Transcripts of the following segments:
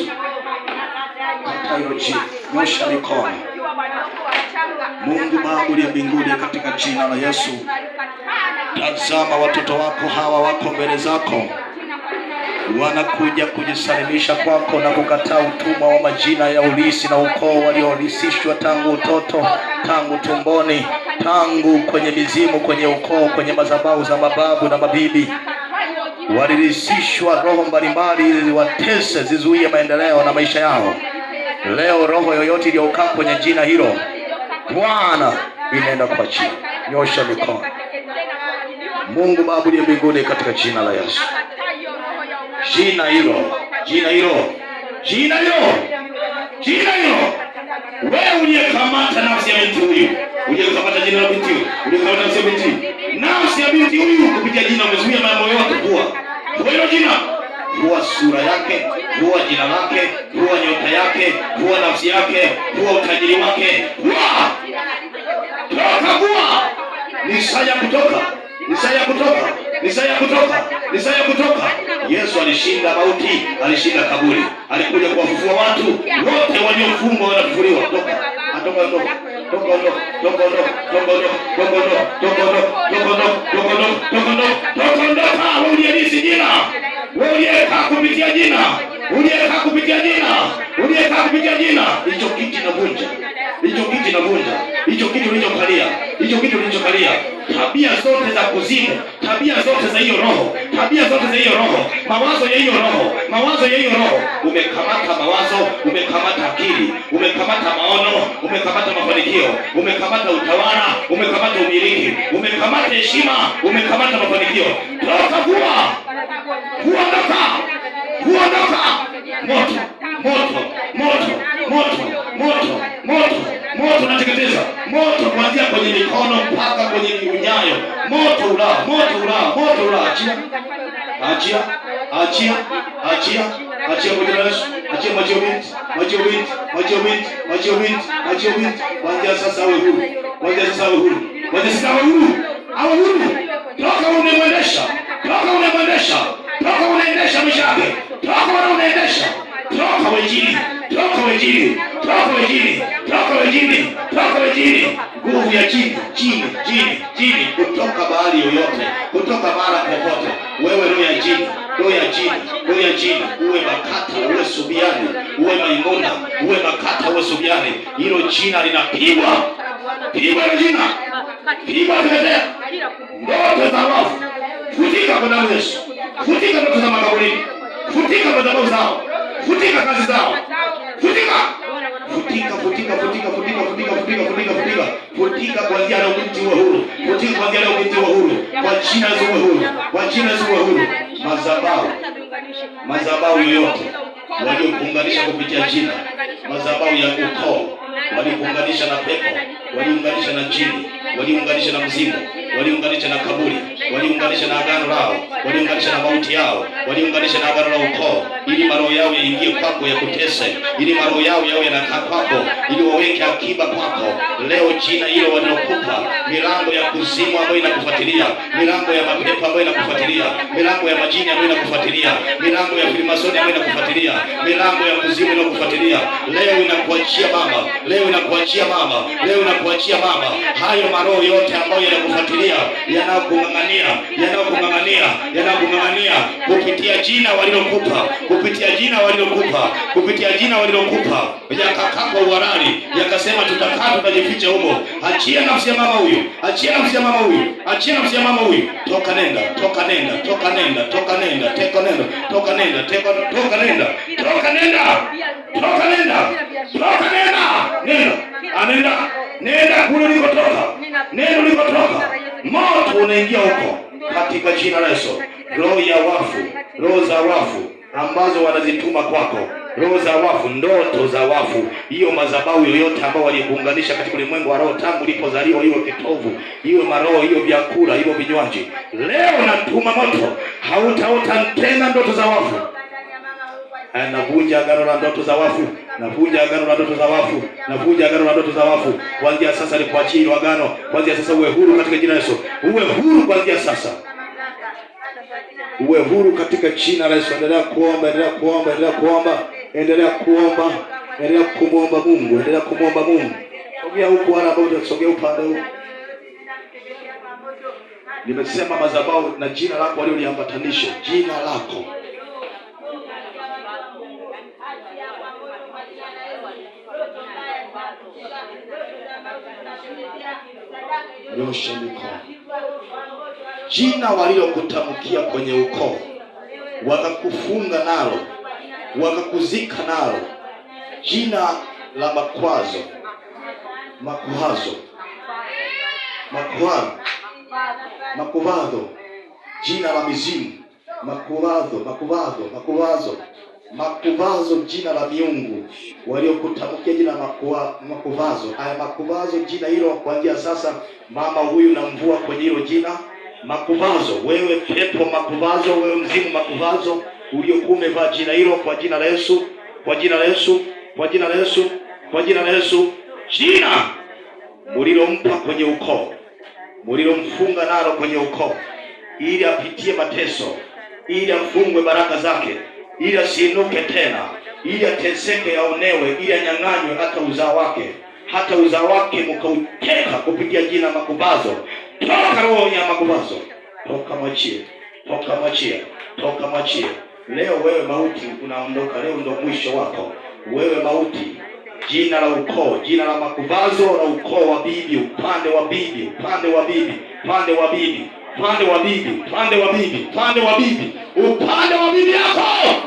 Yesu, kwa hilo nyosha mikono. Mungu Baba uliye mbinguni, katika jina la Yesu, tazama watoto wako hawa wako mbele zako, wanakuja kujisalimisha kwako na kukataa utumwa wa majina ya ulisi na ukoo waliolisishwa tangu utoto, tangu tumboni, tangu kwenye mizimu, kwenye ukoo, kwenye madhabahu za mababu na mabibi walilisishwa roho mbalimbali ili ziwatese, zizuie maendeleo na maisha yao. Leo roho yoyote iliyokaa kwenye jina hilo Bwana inaenda kwa chini. Nyosha mikono. Mungu Baba uliye mbinguni, katika jina la Yesu, jina hilo, jina hilo, jina hilo, jina hilo wewe uliyekamata nafsi ya mtu huyu, uliyekamata jina la mtu huyu, uliyekamata nafsi ya huyu nao ya binti huyu kupitia jina. Umezuia mambo yote kuwa kwa hilo jina, kuwa sura yake, kuwa jina lake, kuwa nyota yake, kuwa nafsi yake, kuwa utajiri wake. Toka kuwa ni saa ya kutoka, ni saa ya kutoka, ni saa ya kutoka, ni saa ya kutoka. Yesu alishinda mauti, alishinda kaburi, alikuja kuwafufua watu wote waliofungwa, wanafufuliwa. Toka, atoka, toka. Tokondoka uliyelisi jina, uliyeweka kupitia jina, uliyeweka kupitia jina, uliyeweka kupitia jina. Hicho kiti navunja, hicho kiti navunja, hicho kiti ulichokalia, hicho kiti ulichokalia tabia zote za kuzimu, tabia zote za hiyo roho, tabia zote za hiyo roho, mawazo ya hiyo roho, mawazo ya hiyo roho. Umekamata mawazo, umekamata akili, umekamata maono, umekamata mafanikio, umekamata utawala, umekamata umiliki, umekamata heshima, umekamata mafanikio. Toka kuwa kuondoka, kuondoka moto, moto moto ulao, moto ulao, moto ulao. Achia, achia, achia, achia, achia kwa Yesu, achia macho binti, macho binti, macho binti, macho binti, macho binti. Kwanza sasa awe huru, kwanza sasa awe huru, kwanza sasa awe huru, awe huru. Toka unamwendesha, toka unamwendesha, toka unaendesha mishale, toka unaendesha, toka wejini, toka wejini, toka wejini, toka wejini, toka wejini, nguvu ya chini, chini, chini kutoka bahari yoyote, kutoka mara popote, wewe roho ya jini, roho ya jini, roho ya jini, uwe Makata, uwe Subiani, uwe Maimuna, uwe Makata, uwe Subiani, hilo jina linapigwa, pigwa hilo jina, pigwa pembea, ndoto za wafu futika kwa damu Yesu, futika ndoto za makaburini, futika kwa madhabahu zao, futika kazi zao, futika, futika, futika, futika, futika, futika, futika, futika, futika Kutika kuanzia leo binti wa huru. Kutika kuanzia leo binti wa huru. Kwa jina la huru. Kwa jina la huru. Madhabahu. Madhabahu yote waliokuunganisha kupitia jina. mazabau ya ukoo waliokuunganisha na pepo, waliokuunganisha na jini waliunganisha na mzimu, waliunganisha na kaburi, waliunganisha na agano lao, waliunganisha na mauti yao, waliunganisha na agano la ukoo, ili maroho yao yaingie kwako kutese, ili maroho yao yao yanakaa kwako, ili waweke akiba kwako. Leo jina hilo wanaokupa milango ya kuzimu ambayo inakufuatilia, milango ya mapepo ambayo inakufuatilia, milango ya majini ambayo inakufuatilia, milango ya filimasoni ambayo inakufuatilia, milango ya kuzimu inakufuatilia, leo inakuachia Baba, leo inakuachia Baba, leo inakuachia Baba hayo maroho yote ambayo yanakufuatilia yanakung'ang'ania yanakung'ang'ania yanakung'ang'ania kupitia jina walilokupa kupitia jina walilokupa kupitia jina walilokupa yakakakwa uharari yakasema tutakaa tutajificha humo. Achia nafsi ya mama huyu, achia nafsi ya mama huyu, achia nafsi ya mama huyu. Toka nenda, toka nenda, toka nenda, toka nenda, toka nenda, toka nenda, toka nenda, toka nenda, toka nenda, toka nenda, toka nenda. unaingia huko katika jina la Yesu. Roho ya wafu, roho za wafu ambazo wanazituma kwako roho za wafu, ndoto za wafu, hiyo madhabahu yoyote ambao walikuunganisha katika ulimwengu wa roho tangu ulipozaliwa, hiyo kitovu, hiyo maroho, hiyo vyakula, hiyo vinywaji, leo natuma moto, hautaota tena ndoto za wafu. Navunja agano la ndoto za wafu, navunja agano la ndoto za wafu, navunja agano la ndoto za wafu. Kuanzia sasa ni kuachia agano, kuanzia sasa uwe huru katika jina la Yesu, uwe huru kuanzia sasa, uwe huru katika jina la Yesu. Endelea kuomba, endelea kuomba, endelea kuomba, endelea kuomba, endelea kumwomba Mungu, endelea kumwomba Mungu. Sogea huko, wala ambao utasogea upande huu. Nimesema madhabahu na jina lako walioliambatanisha, jina lako Nyoshe mikono. Jina walilokutamkia kwenye ukoo, wakakufunga nalo, wakakuzika nalo, jina la makwazo, makuhazo, makuhazo makuvado jina la mizimu, makuvado makuvado makuvazo makuvazo jina la miungu waliokutamkia jina makuwa, makuvazo haya makuvazo jina hilo kuanzia sasa, mama huyu na mvua kwenye hilo jina makuvazo. Wewe pepo makuvazo, wewe mzimu makuvazo, uliokuwa umevaa jina hilo, kwa jina la Yesu, kwa jina la Yesu, kwa jina la Yesu, kwa jina la Yesu, jina mulilompa kwenye ukoo, mulilomfunga nalo kwenye ukoo, ili apitie mateso, ili afungwe baraka zake ili asiinuke tena, ili ateseke, aonewe, ili anyang'anywe hata uzao wake, hata uzao wake mkauteka kupitia jina makubazo. Toka roho ya makubazo, toka mwachie, toka mwachie, toka mwachie. Leo wewe mauti unaondoka, leo ndo mwisho wako wewe mauti, jina la ukoo, jina la makubazo la ukoo wa bibi, upande wa bibi, upande wa bibi, upande wa bibi upande wa bibi, upande wa bibi, upande wa bibi, upande wa bibi yako,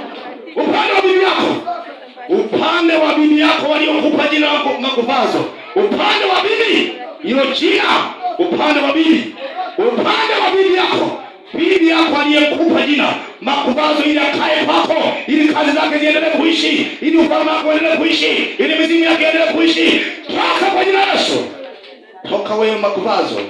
upande wa bibi yako, upande wa bibi yako waliokupa jina lako makupazo, upande wa bibi Yochia, upande wa bibi, upande wa bibi yako, bibi yako aliyekupa jina makubazo ili akae kwako, ili kazi zake ziendelee kuishi, ili ufalme wako uendelee kuishi, ili mizimu yake iendelee kuishi. Toka kwa jina Yesu, toka wewe makubazo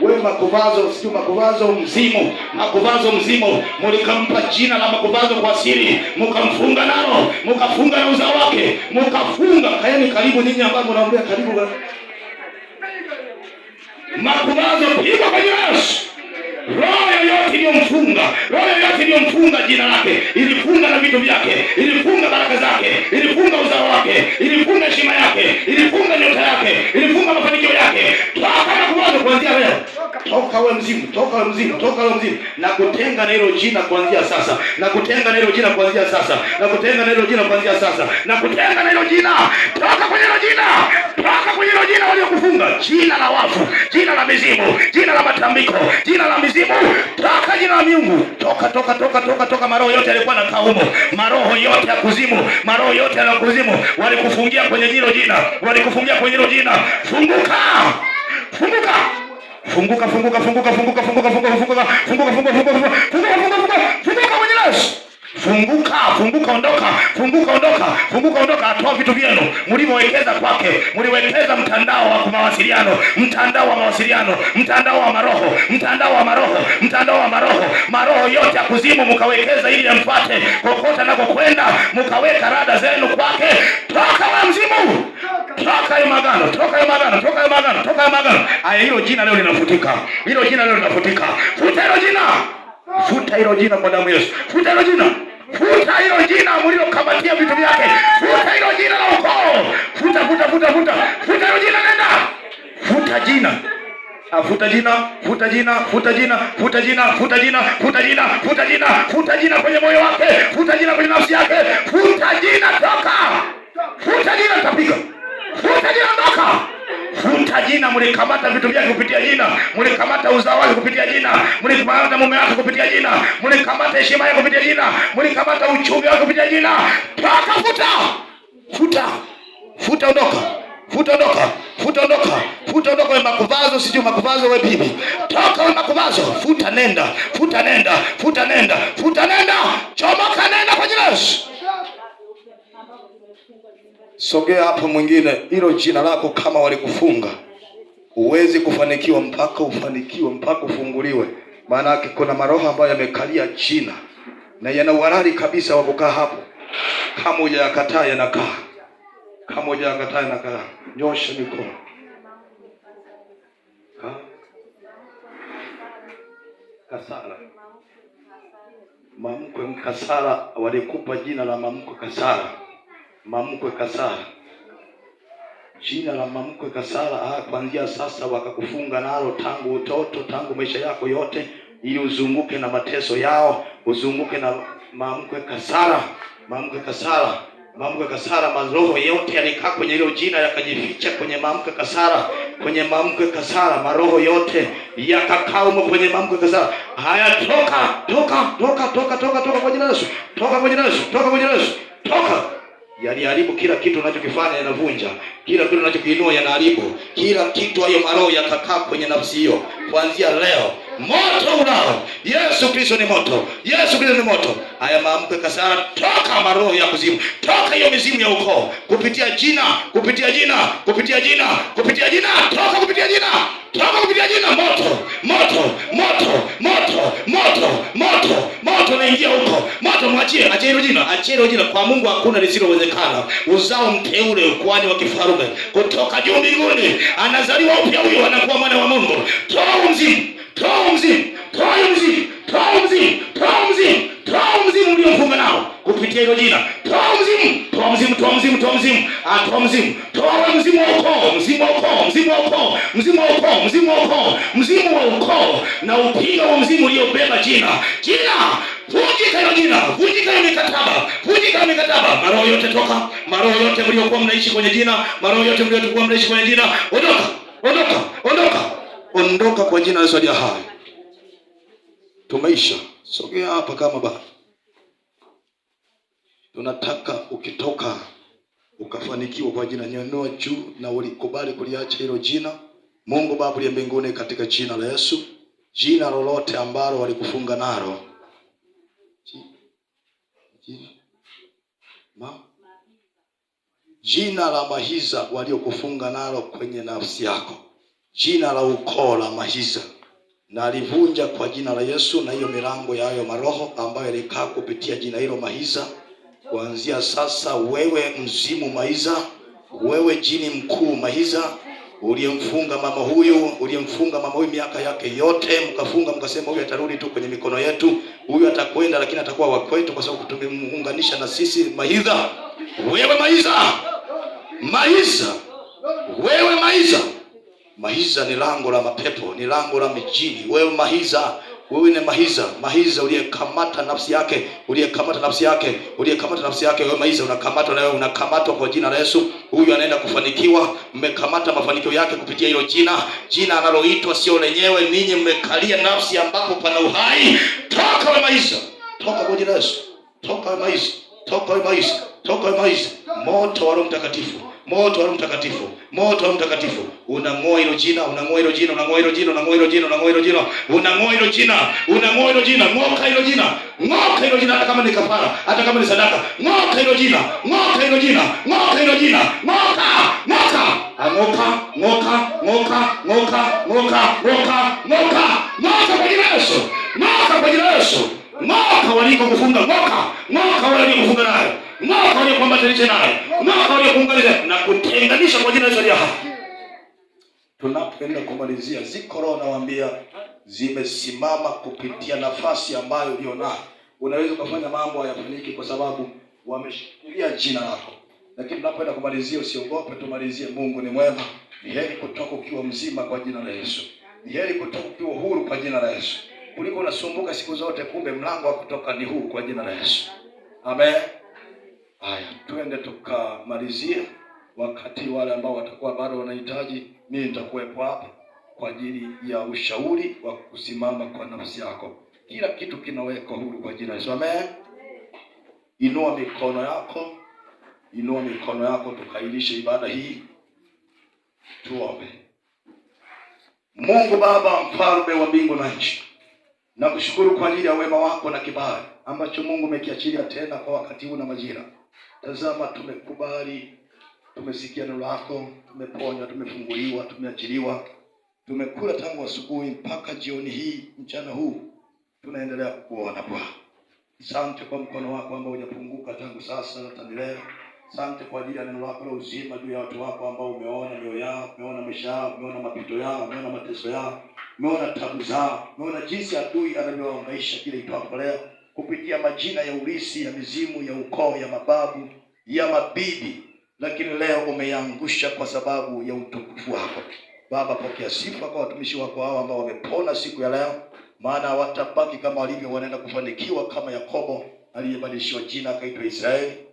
wewe Makuvazo, sio Makuvazo mzimu, Makuvazo mzimu, mlikampa jina la Makuvazo kwa siri, mkamfunga nalo, mkafunga na uzao wake, mkafunga. Kaeni karibu nyinyi ambao mnaombea karibu. Makuvazo pigwa kwa Yesu roho yoyote iliyomfunga, roho yoyote iliyomfunga jina lake, ilifunga na vitu vyake, ilifunga baraka zake, ilifunga uzao wake, ilifunga heshima yake, ilifunga nyota yake, ilifunga mafanikio yake, tunataka kuwaza kuanzia leo toka we mzimu, toka we mzimu, toka we mzimu, na kutenga na hilo jina kuanzia sasa, na kutenga na hilo jina kuanzia sasa, na kutenga na hilo jina kuanzia sasa, na kutenga na hilo jina, toka kwenye hilo jina, toka kwenye hilo jina waliokufunga, jina la wafu, jina la mizimu, jina la matambiko, jina la mizimu, toka jina la miungu, toka toka toka toka toka, maroho yote yalikuwa na kaumo, maroho yote ya kuzimu, maroho yote ya kuzimu, walikufungia kwenye hilo jina, walikufungia kwenye hilo jina, funguka. Funguka, funguka, funguka, funguka, funguka, funguka, funguka, funguka, funguka, funguka, funguka, funguka, funguka funguka Funguka, funguka, ondoka, funguka, ondoka, funguka, ondoka, atoa vitu vyenu mlivyowekeza kwake. Mliwekeza mtandao wa mawasiliano, mtandao wa mawasiliano, mtandao wa maroho, mtandao wa maroho, mtandao wa maroho, maroho yote ya kuzimu mkawekeza ili yampate kokota na mkaweka rada zenu kwake. Toka wa mzimu, toka ya magano, toka ya magano, toka ya magano, toka ya magano Aya, hilo jina leo linafutika, hilo jina leo linafutika. Futa hilo jina, futa hilo jina kwa damu Yesu, futa hilo jina, futa hilo jina mlilokamatia vitu vyake, futa hilo jina la ukoo, futa, futa, futa, futa, futa hilo jina, nenda, futa jina ah, Futa jina, futa jina, futa jina, futa jina, futa jina, futa jina, futa jina, futa jina kwenye moyo wake, futa jina kwenye nafsi yake, futa jina toka, futa jina tapiga jina, mlikamata vitu vyake kupitia jina, mlikamata uzao wake kupitia jina, mlikamata mume wake kupitia jina, mlikamata heshima yake kupitia jina, mlikamata uchumi wake kupitia jina. Paka futa, futa, futa, ondoka Futa ondoka, futa ondoka, futa ondoka wewe makuvazo, sijui makuvazo wewe bibi. Toka wewe makuvazo, futa nenda, futa nenda, futa nenda, futa nenda. Chomoka nenda kwa jina Yesu. Sogea hapo mwingine, hilo jina lako kama walikufunga. Huwezi kufanikiwa mpaka ufanikiwe, mpaka ufunguliwe. Maana kuna maroho ambayo yamekalia China na yana uhalali kabisa wa kukaa hapo. Kama hujayakataa yanakaa, kama hujayakataa yanakaa. Nyosha mikono. Kasala, mamkwe Mkasala, walikupa jina la mamkwe Kasala, mamkwe Kasala jina la mamkwe Kasala ah, kuanzia sasa wakakufunga nalo tangu utoto, tangu maisha yako yote, ili uzunguke na mateso yao, uzunguke na mamkwe Kasala, mamkwe Kasala, mamkwe Kasala. Maroho yote yalikaa kwenye hilo jina yakajificha kwenye mamkwe Kasala, kwenye mamkwe Kasala, maroho yote yakakaa humo kwenye mamkwe Kasala. Haya, toka toka toka toka toka toka kwa jina la Yesu, toka kwa jina la Yesu, toka kwa jina la Yesu, toka yaliharibu kila kitu unachokifanya, yanavunja kila kitu unachokiinua, yanaharibu kila kitu. Hayo maroho yakakaa kwenye nafsi hiyo kuanzia leo moto unao. Yesu Kristo ni moto, Yesu Kristo ni moto. Haya maamke kasara, toka maroho ya kuzimu, toka hiyo mizimu ya ukoo, kupitia jina, kupitia jina, kupitia jina, kupitia jina, toka, kupitia jina, toka, kupitia jina. Moto, moto, moto, moto, moto, moto, moto naingia huko, moto mwachie, achie hilo jina, achie hilo jina. Kwa Mungu hakuna lisilowezekana. Uzao mteule, ukuani wa kifalme kutoka juu mbinguni, anazaliwa upya, huyo anakuwa mwana wa Mungu. Toa mzimu toa mzimu, toa mzimu, toa mzimu, toa nao kupitia hilo jina. Toa ah, mzimu, toa mzimu, toa mzimu, toa mzimu, atoa mzimu, toa wewe mzimu wa ukoo, mzimu wa ukoo, mzimu wa ukoo, mzimu wa ukoo, mzimu wa ukoo, mzimu wa ukoo, na upiga wa mzimu uliobeba jina, jina Vunjika hiyo jina, vunjika hiyo mikataba, vunjika hiyo mikataba. Maroho yote toka, maroho yote mliokuwa mnaishi kwenye jina, maroho yote mliokuwa mnaishi kwenye jina, ondoka, ondoka, ondoka. Ondoka kwa jina la Yesu aliye hai. Tumeisha. Sogea hapa kama ba. Tunataka ukitoka ukafanikiwa kwa jina nyanoa juu na ulikubali kuliacha hilo jina. Mungu Baba uliye mbinguni, katika jina la Yesu, jina lolote ambalo walikufunga nalo Ma? jina la mahiza waliokufunga nalo kwenye nafsi yako jina la ukoo la Mahiza na alivunja kwa jina la Yesu, na hiyo milango ya hayo maroho ambayo ilikaa kupitia jina hilo Mahiza, kuanzia sasa, wewe mzimu Mahiza, wewe jini mkuu Mahiza, uliyemfunga mama huyu, uliyemfunga mama huyu miaka yake yote, mkafunga mkasema, huyu atarudi tu kwenye mikono yetu, huyu atakwenda, lakini atakuwa wa kwetu kwa sababu tumemuunganisha na sisi. Mahiza, wewe Mahiza, Mahiza, wewe Mahiza Mahiza ni lango la mapepo, ni lango la mijini. Wewe mahiza, wewe ni mahiza, mahiza uliyekamata nafsi yake, uliyekamata nafsi yake, uliyekamata nafsi yake. Wewe mahiza unakamatwa, na wewe unakamatwa kwa jina la Yesu. Huyu anaenda kufanikiwa, mmekamata mafanikio yake kupitia hilo jina, jina analoitwa sio lenyewe. Ninyi mmekalia nafsi ambapo pana uhai. Toka wewe mahiza, toka kwa jina la Yesu, toka wewe mahiza, toka wewe mahiza, toka wewe mahiza, moto wa Roho Mtakatifu moto wa Roho Mtakatifu, moto wa Roho Mtakatifu. Unang'oa hilo jina, unang'oa hilo jina, unang'oa hilo jina, unang'oa hilo jina, unang'oa hilo jina, unang'oa hilo jina, unang'oa hilo jina, ng'oka hilo jina, ng'oka hilo jina, hata kama ni kafara, hata kama ni sadaka, ng'oka hilo jina, ng'oka hilo jina, ng'oka hilo jina, ng'oka, ng'oka, ah, ng'oka, ng'oka, ng'oka, ng'oka, ng'oka, ng'oka, ng'oka, ng'oka kwa jina Yesu, ng'oka kwa jina Yesu, ng'oka waliko kufunga, ng'oka, ng'oka waliko kufunga nayo nao waliokuambatanisha naye, nao waliokuunganisha na kutenganisha kwa jina la Yesu hapa. Tunapoenda kumalizia, ziko roho nawaambia zimesimama kupitia nafasi ambayo ulio nayo. Unaweza ukafanya mambo hayafaniki kwa sababu wameshikilia jina lako, lakini tunapoenda kumalizia, usiogope, tumalizie. Mungu ni mwema. Ni heri kutoka ukiwa mzima kwa jina la Yesu, ni heri kutoka ukiwa huru kwa jina la Yesu, kuliko unasumbuka siku zote, kumbe mlango wa kutoka ni huu kwa jina la Yesu. Amen. Haya, twende tukamalizia. Wakati wale ambao watakuwa bado wanahitaji, mimi nitakuwepo hapa kwa ajili ya ushauri wa kusimama kwa nafsi yako. Kila kitu kinawekwa huru kwa jina la Yesu, amen. Inua mikono yako, inua mikono yako, tukailishe ibada hii, tuombe. Mungu Baba, mfalme wa mbingu na nchi, nakushukuru kwa ajili ya wema wako na kibali ambacho Mungu umekiachilia tena kwa wakati huu na majira Tazama, tumekubali, tumesikia neno lako, tumeponywa, tumefunguliwa, tumeachiliwa, tumekula tangu asubuhi mpaka jioni hii, mchana huu tunaendelea kukuona Bwana. Asante kwa mkono wako ambao hujapunguka tangu sasa hadi leo. Asante kwa ajili ya neno lako la uzima juu ya watu wako ambao umeona mioyo yao, umeona maisha yao, umeona mapito yao, umeona mateso yao, umeona tabu zao, umeona jinsi adui anavyowaangaisha kila itwapo leo kupitia majina ya urisi ya mizimu ya ukoo ya mababu ya mabibi, lakini leo umeyaangusha kwa sababu ya utukufu wako Baba. Pokea sifa kwa watumishi wako hao ambao wamepona siku ya leo, maana watabaki kama walivyo, wanaenda kufanikiwa kama Yakobo aliyebadilishiwa jina akaitwa Israeli.